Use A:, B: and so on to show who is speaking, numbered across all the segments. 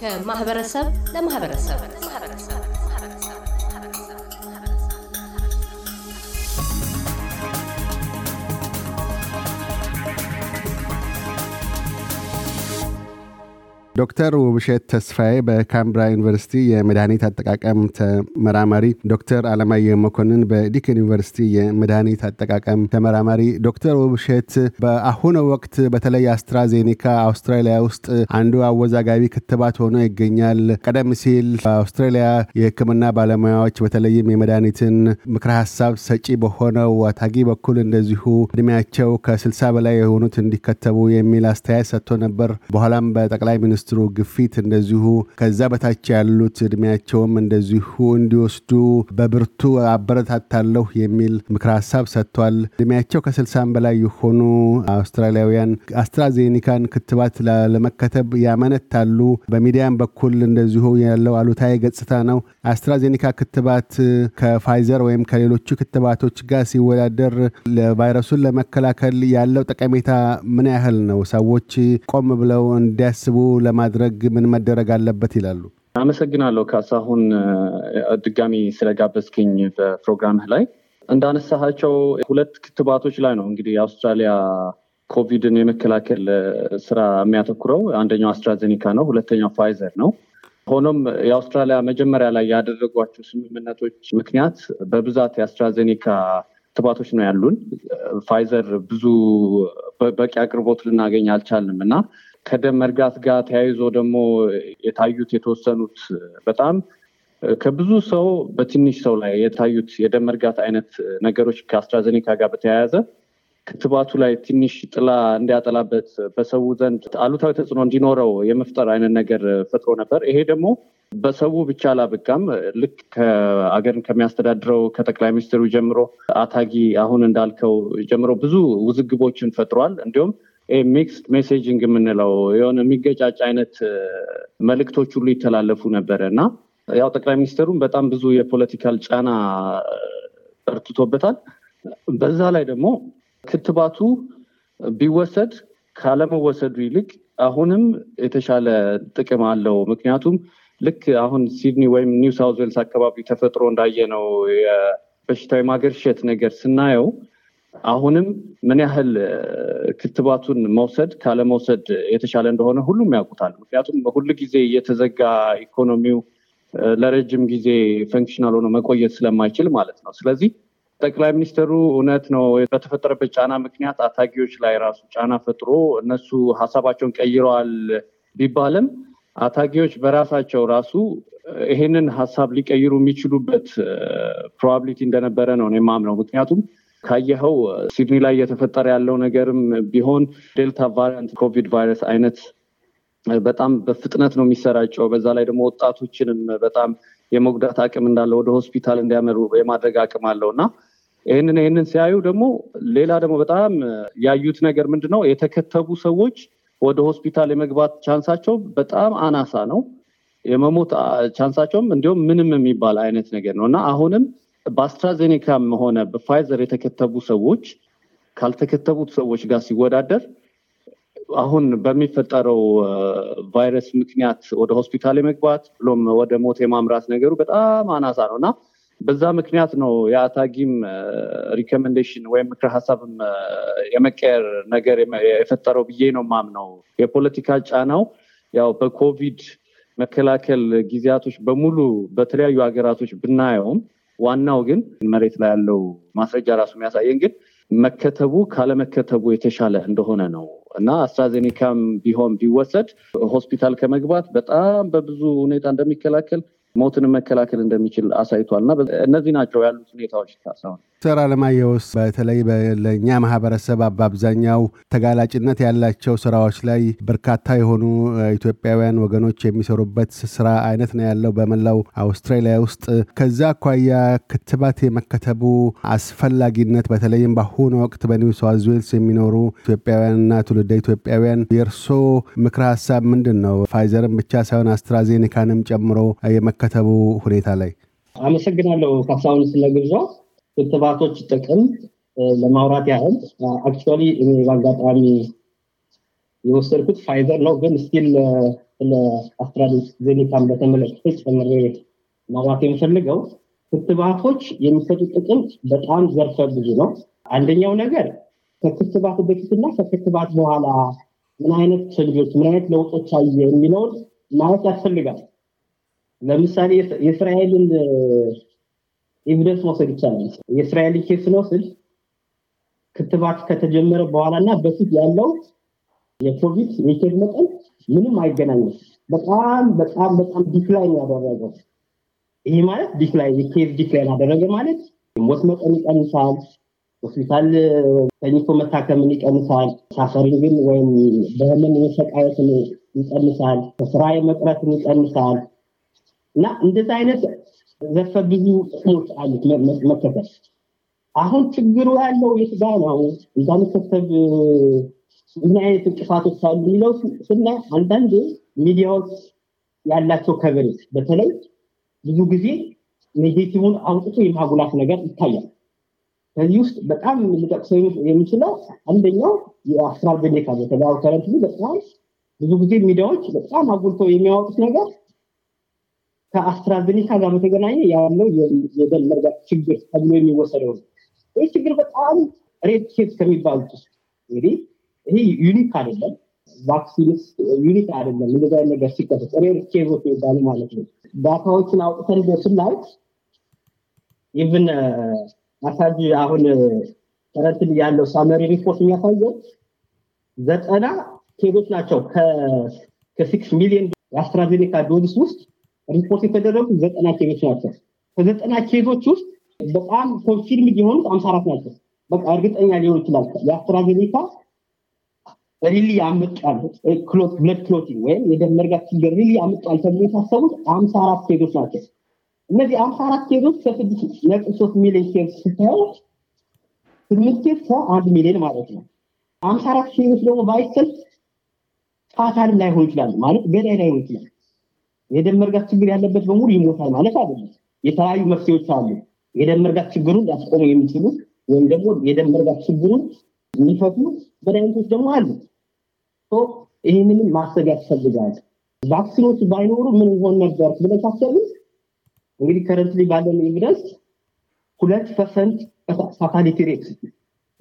A: ከማህበረሰብ ለማህበረሰብ ዶክተር ውብሸት ተስፋዬ በካምብራ ዩኒቨርሲቲ የመድኃኒት አጠቃቀም ተመራማሪ፣ ዶክተር አለማየሁ መኮንን በዲከን ዩኒቨርሲቲ የመድኃኒት አጠቃቀም ተመራማሪ። ዶክተር ውብሸት በአሁኑ ወቅት በተለይ አስትራዜኒካ አውስትራሊያ ውስጥ አንዱ አወዛጋቢ ክትባት ሆኖ ይገኛል። ቀደም ሲል በአውስትራሊያ የሕክምና ባለሙያዎች በተለይም የመድኃኒትን ምክረ ሀሳብ ሰጪ በሆነው ታጊ በኩል እንደዚሁ እድሜያቸው ከ60 በላይ የሆኑት እንዲከተቡ የሚል አስተያየት ሰጥቶ ነበር። በኋላም በጠቅላይ ሚኒስትሩ ሚኒስትሩ ግፊት እንደዚሁ ከዛ በታች ያሉት እድሜያቸውም እንደዚሁ እንዲወስዱ በብርቱ አበረታታለሁ የሚል ምክረ ሀሳብ ሰጥቷል። እድሜያቸው ከስልሳን በላይ የሆኑ አውስትራሊያውያን አስትራዜኒካን ክትባት ለመከተብ ያመነታሉ። በሚዲያም በኩል እንደዚሁ ያለው አሉታዊ ገጽታ ነው። አስትራዜኒካ ክትባት ከፋይዘር ወይም ከሌሎቹ ክትባቶች ጋር ሲወዳደር ለቫይረሱን ለመከላከል ያለው ጠቀሜታ ምን ያህል ነው? ሰዎች ቆም ብለው እንዲያስቡ ለማድረግ ምን መደረግ አለበት ይላሉ?
B: አመሰግናለሁ ካሳሁን ድጋሚ ስለጋበዝክኝ በፕሮግራምህ ላይ እንዳነሳሃቸው ሁለት ክትባቶች ላይ ነው እንግዲህ የአውስትራሊያ ኮቪድን የመከላከል ስራ የሚያተኩረው አንደኛው አስትራዜኒካ ነው ሁለተኛው ፋይዘር ነው ሆኖም የአውስትራሊያ መጀመሪያ ላይ ያደረጓቸው ስምምነቶች ምክንያት በብዛት የአስትራዜኒካ ክትባቶች ነው ያሉን ፋይዘር ብዙ በቂ አቅርቦት ልናገኝ አልቻልንም እና ከደም መርጋት ጋር ተያይዞ ደግሞ የታዩት የተወሰኑት በጣም ከብዙ ሰው በትንሽ ሰው ላይ የታዩት የደም መርጋት አይነት ነገሮች ከአስትራዘኔካ ጋር በተያያዘ ክትባቱ ላይ ትንሽ ጥላ እንዲያጠላበት በሰው ዘንድ አሉታዊ ተጽዕኖ እንዲኖረው የመፍጠር አይነት ነገር ፈጥሮ ነበር። ይሄ ደግሞ በሰው ብቻ አላበቃም። ልክ ከአገርን ከሚያስተዳድረው ከጠቅላይ ሚኒስትሩ ጀምሮ አታጊ አሁን እንዳልከው ጀምሮ ብዙ ውዝግቦችን ፈጥሯል። እንዲሁም ሚክስድ ሜሴጂንግ የምንለው የሆነ የሚገጫጭ አይነት መልእክቶች ሁሉ ይተላለፉ ነበረ እና ያው ጠቅላይ ሚኒስትሩም በጣም ብዙ የፖለቲካል ጫና በርትቶበታል። በዛ ላይ ደግሞ ክትባቱ ቢወሰድ ካለመወሰዱ ይልቅ አሁንም የተሻለ ጥቅም አለው። ምክንያቱም ልክ አሁን ሲድኒ ወይም ኒው ሳውዝ ዌልስ አካባቢ ተፈጥሮ ነው በሽታዊ ማገርሸት ነገር ስናየው አሁንም ምን ያህል ክትባቱን መውሰድ ካለመውሰድ የተሻለ እንደሆነ ሁሉም ያውቁታል። ምክንያቱም በሁሉ ጊዜ እየተዘጋ ኢኮኖሚው ለረጅም ጊዜ ፈንክሽናል ሆኖ መቆየት ስለማይችል ማለት ነው። ስለዚህ ጠቅላይ ሚኒስትሩ እውነት ነው በተፈጠረበት ጫና ምክንያት አታጊዎች ላይ ራሱ ጫና ፈጥሮ እነሱ ሀሳባቸውን ቀይረዋል ቢባልም አታጊዎች በራሳቸው ራሱ ይሄንን ሀሳብ ሊቀይሩ የሚችሉበት ፕሮባብሊቲ እንደነበረ ነው እኔ የማምነው ምክንያቱም ካየኸው ሲድኒ ላይ እየተፈጠረ ያለው ነገርም ቢሆን ዴልታ ቫሪያንት ኮቪድ ቫይረስ አይነት በጣም በፍጥነት ነው የሚሰራጨው። በዛ ላይ ደግሞ ወጣቶችንም በጣም የመጉዳት አቅም እንዳለው ወደ ሆስፒታል እንዲያመሩ የማድረግ አቅም አለው እና ይህንን ይህንን ሲያዩ ደግሞ ሌላ ደግሞ በጣም ያዩት ነገር ምንድን ነው የተከተቡ ሰዎች ወደ ሆስፒታል የመግባት ቻንሳቸው በጣም አናሳ ነው። የመሞት ቻንሳቸውም እንዲሁም ምንም የሚባል አይነት ነገር ነው እና አሁንም በአስትራዜኔካም ሆነ በፋይዘር የተከተቡ ሰዎች ካልተከተቡት ሰዎች ጋር ሲወዳደር አሁን በሚፈጠረው ቫይረስ ምክንያት ወደ ሆስፒታል የመግባት ብሎም ወደ ሞት የማምራት ነገሩ በጣም አናሳ ነው እና በዛ ምክንያት ነው የአታጊም ሪኮመንዴሽን ወይም ምክር ሀሳብም የመቀየር ነገር የፈጠረው ብዬ ነው ማምነው። የፖለቲካ ጫናው ያው በኮቪድ መከላከል ጊዜያቶች በሙሉ በተለያዩ ሀገራቶች ብናየውም ዋናው ግን መሬት ላይ ያለው ማስረጃ ራሱ የሚያሳየን ግን መከተቡ ካለመከተቡ የተሻለ እንደሆነ ነው እና አስትራዜኔካም ቢሆን ቢወሰድ ሆስፒታል ከመግባት በጣም በብዙ ሁኔታ እንደሚከላከል ሞትን መከላከል እንደሚችል አሳይቷል። እና እነዚህ ናቸው ያሉት ሁኔታዎች ሳሳሆን
A: ዶክተር አለማየውስ በተለይ ለእኛ ማህበረሰብ በአብዛኛው ተጋላጭነት ያላቸው ስራዎች ላይ በርካታ የሆኑ ኢትዮጵያውያን ወገኖች የሚሰሩበት ስራ አይነት ነው ያለው በመላው አውስትራሊያ ውስጥ። ከዛ አኳያ ክትባት የመከተቡ አስፈላጊነት በተለይም በአሁኑ ወቅት በኒው ሳውዝ ዌልስ የሚኖሩ ኢትዮጵያውያንና ትውልደ ኢትዮጵያውያን የእርሶ ምክረ ሀሳብ ምንድን ነው? ፋይዘርን ብቻ ሳይሆን አስትራዜኒካንም ጨምሮ የመከተቡ ሁኔታ ላይ።
C: አመሰግናለሁ ካሳሁን ስለግብዣው። ክትባቶች ጥቅም ለማውራት ያህል አክቹዋሊ እኔ በአጋጣሚ የወሰድኩት ፋይዘር ነው ግን ስቲል ስለ አስትራዜኒካን በተመለከተ ጨምሬ ማውራት የምፈልገው ክትባቶች የሚሰጡ ጥቅም በጣም ዘርፈ ብዙ ነው አንደኛው ነገር ከክትባት በፊትና ከክትባት በኋላ ምን አይነት ችግሮች ምን አይነት ለውጦች አየ የሚለውን ማየት ያስፈልጋል ለምሳሌ የእስራኤልን ኤቪደንስ መውሰድ ይቻላል። የእስራኤል ኬስ ስንወስድ ክትባት ከተጀመረ በኋላ እና በፊት ያለው የኮቪድ የኬዝ መጠን ምንም አይገናኝም። በጣም በጣም በጣም ዲክላይን ያደረገው ይህ ማለት ዲክላይን የኬዝ ዲክላይን አደረገ ማለት ሞት መጠን ይቀንሳል። ሆስፒታል ተኝቶ መታከምን ይቀንሳል። ሳፈሪንግን ወይም በህመን መሰቃየትን ይቀንሳል። ከስራ የመቅረትን ይቀንሳል እና እንደዚህ አይነት ዘርፈ ብዙ ጥቅሞች አሉት መከተል። አሁን ችግሩ ያለው የት ጋ ነው? እዛ መከተብ ምን አይነት እንቅፋቶች አሉ የሚለው ስና አንዳንድ ሚዲያዎች ያላቸው ከቨሬጅ በተለይ ብዙ ጊዜ ኔጌቲቭን አውጥቶ የማጉላት ነገር ይታያል። ከዚህ ውስጥ በጣም ልጠቅሰው የምችለው አንደኛው የአስራር በኔካ ከረንት በጣም ብዙ ጊዜ ሚዲያዎች በጣም አጉልተው የሚያወጡት ነገር ከአስትራዜኒካ ጋር በተገናኘ ያለው የደም መርጋት ችግር ተብሎ የሚወሰደው ነው። ይህ ችግር በጣም ሬት ኬስ ከሚባሉት ውስጥ እንግዲህ ይህ ዩኒክ አይደለም፣ ቫክሲንስ ዩኒክ አይደለም። እንደዚ ነገር ሲከሰት ሬር ኬዞች ይባሉ ማለት ነው። ዳታዎችን አውጥተን ስናይ ኢቭን አሳጅ አሁን ከረንትን ያለው ሳመሪ ሪፖርት የሚያሳየው ዘጠና ኬዞች ናቸው ከሲክስ ሚሊዮን የአስትራዜኔካ ዶዝስ ውስጥ ሪፖርት የተደረጉት ዘጠና ኬዞች ናቸው። ከዘጠና ኬዞች ውስጥ በጣም ኮንፊርም የሆኑት አምሳ አራት ናቸው። በቃ እርግጠኛ ሊሆን ይችላል የአስትራዜኔካ ሪሊ ያመጣል ብለድ ክሎቲንግ ወይም የደም መርጋት ችግር ሪሊ ያመጣል ተብሎ የታሰቡት አምሳ አራት ኬዞች ናቸው። እነዚህ አምሳ አራት ኬዞች ከስድስት ነጥብ ሶስት ሚሊዮን ኬዝ ስታየው ስምንት ኬዝ ከአንድ ሚሊዮን ማለት ነው። አምሳ አራት ኬዞች ደግሞ ባይሰልፍ ፋታልም ላይሆን ይችላሉ ማለት ገዳይ ላይሆን ይችላል የደም መርጋት ችግር ያለበት በሙሉ ይሞታል ማለት አይደለም። የተለያዩ መፍትሄዎች አሉ። የደም መርጋት ችግሩን ሊያስቆሙ የሚችሉ ወይም ደግሞ የደም መርጋት ችግሩን የሚፈቱ መድኃኒቶች ደግሞ አሉ። ይህንንም ማሰብ ያስፈልጋል። ቫክሲኖች ባይኖሩ ምን ሆን ነበር ብለን ካሰብን እንግዲህ ከረንት ባለን ኤቪደንስ ሁለት ፐርሰንት ፋታሊቲ ሬት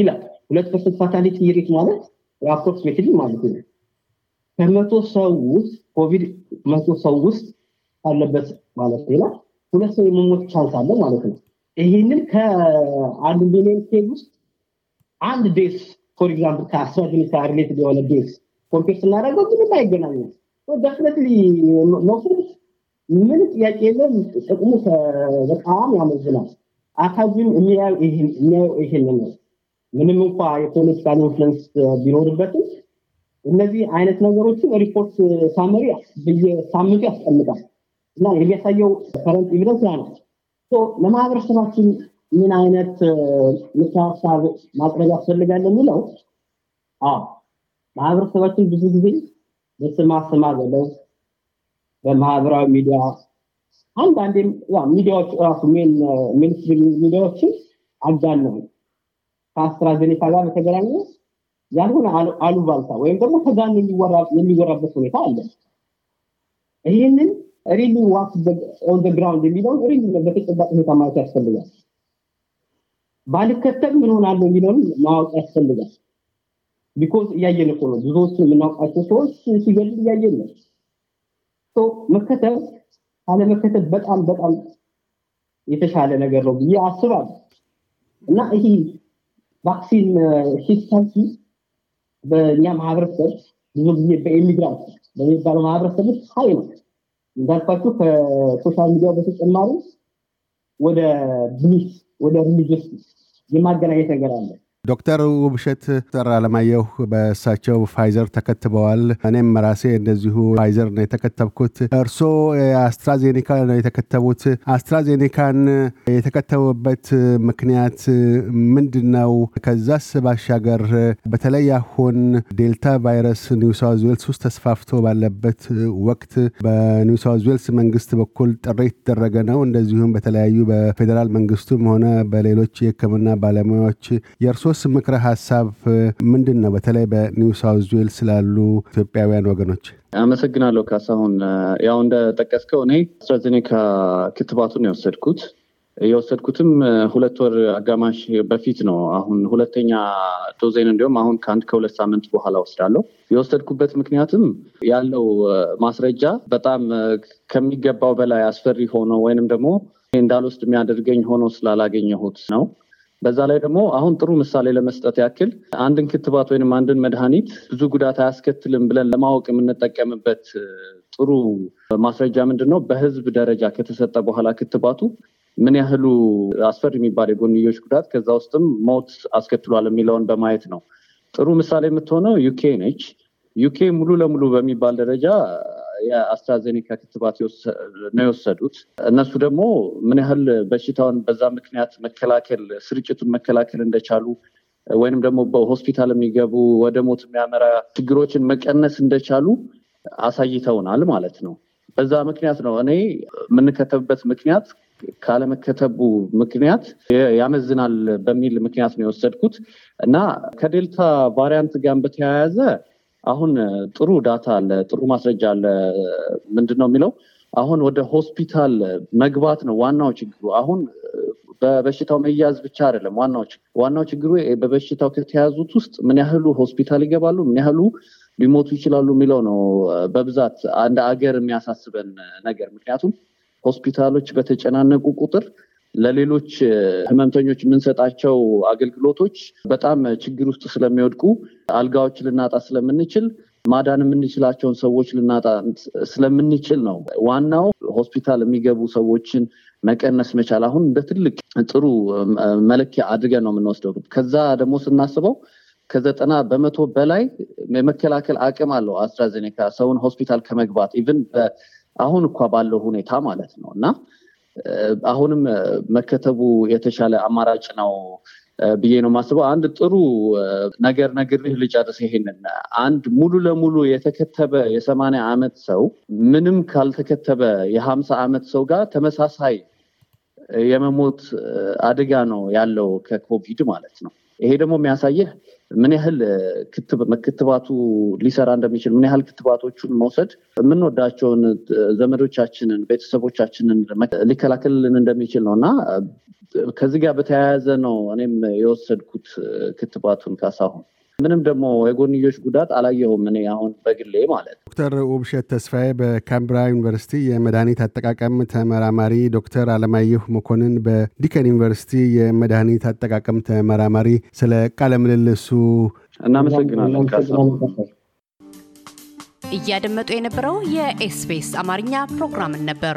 C: ይላል። ሁለት ፐርሰንት ፋታሊቲ ሬት ማለት ራፕሮክሲሜትሊ ማለት ነው ከመቶ ሰው ውስጥ ኮቪድ መቶ ሰው ውስጥ አለበት ማለት ነው። ሁለት ሰው የመሞት ቻንስ አለ ማለት ነው። ይህንን ከአንድ ሚሊዮን ኬዝ ውስጥ አንድ ዴስ ፎር ኤግዛምፕል ከአስትራዜኒካ ሪሌት የሆነ ዴስ ኮምፔር ስናደረገው ምንም አይገናኝም። ደፍነትሊ መውሰድ ምን ጥያቄ የለም። ጥቅሙ በጣም ያመዝናል። አካባቢም የሚያየው ይህን ነው። ምንም እንኳ የፖለቲካል ኢንፍሉንስ ቢኖርበትም እነዚህ አይነት ነገሮችን ሪፖርት ሳመሪ በየሳምንቱ ያስቀምጣል እና የሚያሳየው ከረንት ኤቪደንስ ያ ነው። ለማህበረሰባችን ምን አይነት ምክረ ሀሳብ ማቅረብ ያስፈልጋል የሚለው ማህበረሰባችን ብዙ ጊዜ በስማ ስማ ገለው በማህበራዊ ሚዲያ አንዳንዴም ሚዲያዎች ራሱ ሜንስትሪም ሚዲያዎችን አጋነው ከአስትራዜኔካ ጋር በተገናኘ ያልሆነ አሉባልታ ወይም ደግሞ ተጋን የሚወራበት ሁኔታ አለ። ይህንን ሪሊ ዋክ ኦን ግራውንድ የሚለውን ሪሊ በተጨባጭ ሁኔታ ማየት ያስፈልጋል። ባልከተል ምን ሆናለሁ የሚለውን ማወቅ ያስፈልጋል። ቢኮዝ እያየን እኮ ነው። ብዙዎች የምናውቃቸው ሰዎች ሲገድል እያየን ነው። መከተል አለመከተል በጣም በጣም የተሻለ ነገር ነው ብዬ አስባለሁ እና ይሄ ቫክሲን ሂስታንሲ በእኛ ማህበረሰብ ብዙ ጊዜ በኢሚግራንት በሚባለው ማህበረሰብ ውስጥ ሀይ ነው። እንዳልኳቸው ከሶሻል ሚዲያ በተጨማሪ ወደ ብሊስ ወደ ሪሊጅስ የማገናኘት ነገር አለ።
A: ዶክተር ውብሸት ጠር አለማየሁ በእሳቸው ፋይዘር ተከትበዋል። እኔም ራሴ እንደዚሁ ፋይዘር ነው የተከተብኩት። እርሶ አስትራዜኔካ ነው የተከተቡት። አስትራዜኒካን የተከተቡበት ምክንያት ምንድን ነው? ከዛስ ባሻገር በተለይ አሁን ዴልታ ቫይረስ ኒው ዌልስ ውስጥ ተስፋፍቶ ባለበት ወቅት በኒው ሳውዝ ዌልስ መንግስት በኩል ጥሪ የተደረገ ነው። እንደዚሁም በተለያዩ በፌዴራል መንግስቱም ሆነ በሌሎች የህክምና ባለሙያዎች የእርሶስ የእርሶስ ምክረ ሀሳብ ምንድን ነው? በተለይ በኒው ሳውዝ ዌል ስላሉ ኢትዮጵያውያን ወገኖች።
B: አመሰግናለሁ ካሳሁን። ያው እንደጠቀስከው እኔ አስትራዜኔካ ክትባቱን የወሰድኩት የወሰድኩትም ሁለት ወር አጋማሽ በፊት ነው። አሁን ሁለተኛ ዶዜን እንዲሁም አሁን ከአንድ ከሁለት ሳምንት በኋላ ወስዳለሁ። የወሰድኩበት ምክንያትም ያለው ማስረጃ በጣም ከሚገባው በላይ አስፈሪ ሆኖ ወይንም ደግሞ እንዳልወስድ የሚያደርገኝ ሆኖ ስላላገኘሁት ነው። በዛ ላይ ደግሞ አሁን ጥሩ ምሳሌ ለመስጠት ያክል አንድን ክትባት ወይም አንድን መድኃኒት ብዙ ጉዳት አያስከትልም ብለን ለማወቅ የምንጠቀምበት ጥሩ ማስረጃ ምንድን ነው? በህዝብ ደረጃ ከተሰጠ በኋላ ክትባቱ ምን ያህሉ አስፈሪ የሚባል የጎንዮሽ ጉዳት ከዛ ውስጥም ሞት አስከትሏል የሚለውን በማየት ነው። ጥሩ ምሳሌ የምትሆነው ዩኬ ነች። ዩኬ ሙሉ ለሙሉ በሚባል ደረጃ የአስትራዜኒካ ክትባት ነው የወሰዱት። እነሱ ደግሞ ምን ያህል በሽታውን በዛ ምክንያት መከላከል ስርጭቱን መከላከል እንደቻሉ ወይንም ደግሞ በሆስፒታል የሚገቡ ወደ ሞት የሚያመራ ችግሮችን መቀነስ እንደቻሉ አሳይተውናል ማለት ነው። በዛ ምክንያት ነው እኔ የምንከተብበት ምክንያት ካለመከተቡ ምክንያት ያመዝናል በሚል ምክንያት ነው የወሰድኩት እና ከዴልታ ቫሪያንት ጋር በተያያዘ አሁን ጥሩ ዳታ አለ፣ ጥሩ ማስረጃ አለ። ምንድን ነው የሚለው አሁን ወደ ሆስፒታል መግባት ነው ዋናው ችግሩ። አሁን በበሽታው መያዝ ብቻ አይደለም ዋናው ችግሩ። ዋናው ችግሩ በበሽታው ከተያዙት ውስጥ ምን ያህሉ ሆስፒታል ይገባሉ፣ ምን ያህሉ ሊሞቱ ይችላሉ የሚለው ነው በብዛት አንድ አገር የሚያሳስበን ነገር። ምክንያቱም ሆስፒታሎች በተጨናነቁ ቁጥር ለሌሎች ህመምተኞች የምንሰጣቸው አገልግሎቶች በጣም ችግር ውስጥ ስለሚወድቁ አልጋዎች ልናጣ ስለምንችል ማዳን የምንችላቸውን ሰዎች ልናጣ ስለምንችል ነው። ዋናው ሆስፒታል የሚገቡ ሰዎችን መቀነስ መቻል አሁን እንደ ትልቅ ጥሩ መለኪያ አድርገን ነው የምንወስደው። ከዛ ደግሞ ስናስበው ከዘጠና በመቶ በላይ የመከላከል አቅም አለው አስትራዜኔካ ሰውን ሆስፒታል ከመግባት ኢቭን አሁን እኳ ባለው ሁኔታ ማለት ነው እና አሁንም መከተቡ የተሻለ አማራጭ ነው ብዬ ነው የማስበው። አንድ ጥሩ ነገር ነግርህ ልጨርስ ይሄንን። አንድ ሙሉ ለሙሉ የተከተበ የሰማኒያ ዓመት ሰው ምንም ካልተከተበ የሀምሳ ዓመት ሰው ጋር ተመሳሳይ የመሞት አደጋ ነው ያለው ከኮቪድ ማለት ነው። ይሄ ደግሞ የሚያሳየህ ምን ያህል ክትባቱ ሊሰራ እንደሚችል ምን ያህል ክትባቶቹን መውሰድ የምንወዳቸውን ዘመዶቻችንን፣ ቤተሰቦቻችንን ሊከላከልልን እንደሚችል ነው እና ከዚህ ጋር በተያያዘ ነው እኔም የወሰድኩት ክትባቱን ካሳሁን ምንም ደግሞ የጎንዮሽ ጉዳት አላየሁም። እኔ
A: አሁን በግሌ ማለት ዶክተር ውብሸት ተስፋዬ በካምብራ ዩኒቨርሲቲ የመድኃኒት አጠቃቀም ተመራማሪ፣ ዶክተር አለማየሁ መኮንን በዲከን ዩኒቨርሲቲ የመድኃኒት አጠቃቀም ተመራማሪ፣ ስለ ቃለምልልሱ እናመሰግናለን።
C: እያደመጡ የነበረው የኤስፔስ አማርኛ ፕሮግራምን ነበር።